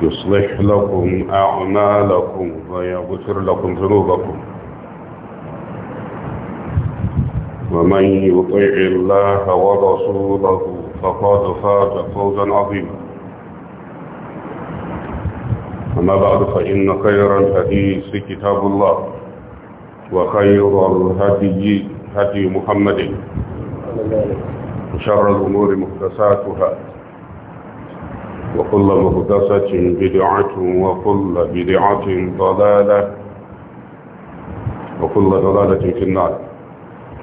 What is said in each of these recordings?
يصلح لكم أعمالكم ويغفر لكم ذنوبكم ومن يطع الله ورسوله فقد فاز فوزا عظيما أما بعد فإن خير الحديث كتاب الله وخير الهدي هدي محمد وشر الأمور محدثاتها وكل مهدسة بدعة وكل بدعة ضلالة وكل ضلالة في النار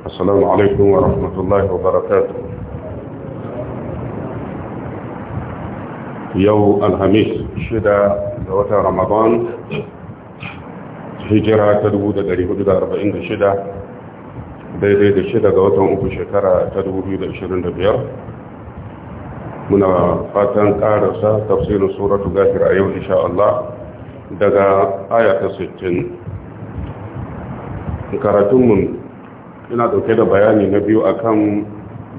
السلام عليكم ورحمة الله وبركاته يو الخميس شدا دوتا رمضان هجرة تدود دريه دا أربعين شدة daidai da shida ga watan uku shekara ta 2025 muna fatan karasa tafsirin suratu gafir a yau insha Allah daga ayata ta 60 karatunmu ina dauke da bayani na biyu akan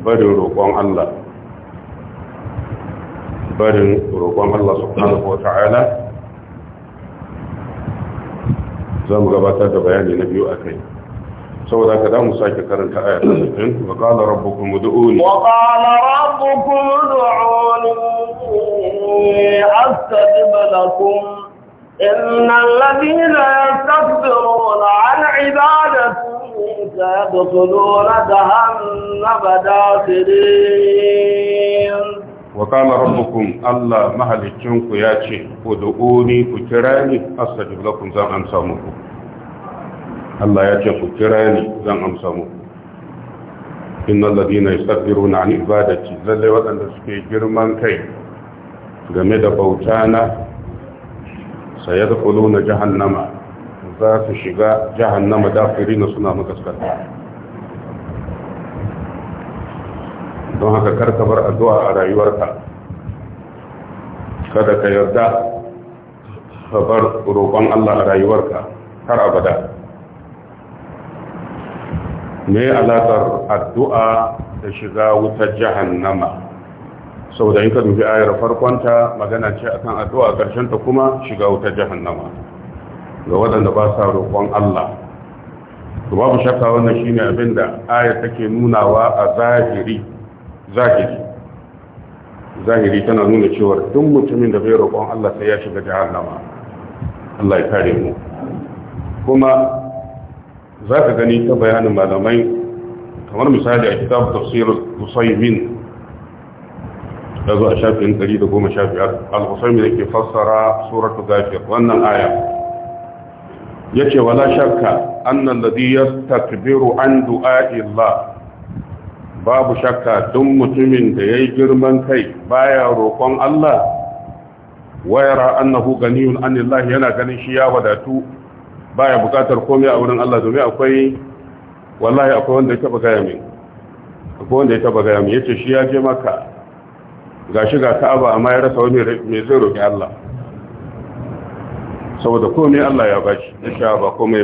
barin roƙon Allah barin roƙon Allah subhanahu wa ta'ala za mu gabatar da bayani na biyu akai saboda ka damu sake karanta aya ta sabbin wa qala rabbukum ud'uni wa qala rabbukum ud'uni astajib lakum inna alladhina yastakbiruna an ibadati sayadkhuluna jahannama dakhirin wa qala rabbukum allah mahalikinku yace ud'uni ku kira ni astajib lakum zan amsa muku Allah ya ce ku kira ni zan amsa muku innal ladina yastakbiruna an ibadati lalle waɗanda suke girman kai game da bauta na sayadkhuluna jahannama za su shiga jahannama dafirina suna makaskata don haka karka bar addu'a a rayuwarka kada ka yarda ka bar roƙon Allah a rayuwarka har abada me alaƙar addu'a da shiga wutar jahannama saboda in ka dubi ayar farkonta magana ce akan addu'a ta kuma shiga wutar jahannama ga waɗanda ba sa roƙon Allah babu shakka wannan shine abin da ayar take nunawa a zahiri zahiri zahiri tana nuna cewa duk mutumin da bai roƙon Allah sai ya shiga jahannama Allah ya kare mu kuma za ka gani ta bayanin malamai kamar misali a kitab tafsir husaymin da zo a shafin 115 al da ke fassara suratu ghafir wannan aya yace wala shakka annal ladhi yastakbiru an du'a'i babu shakka don mutumin da yayi girman kai baya roƙon Allah wayara annahu ganiyun anillahi yana ganin shi ya wadatu baya bukatar komai a wurin Allah domin akwai wallahi akwai wanda ya taba gaya min akwai wanda ya taba gaya yace shi ya je maka gashi ga ta'aba amma ya rasa wani me zai roki Allah saboda komai Allah ya bashi insha ba komai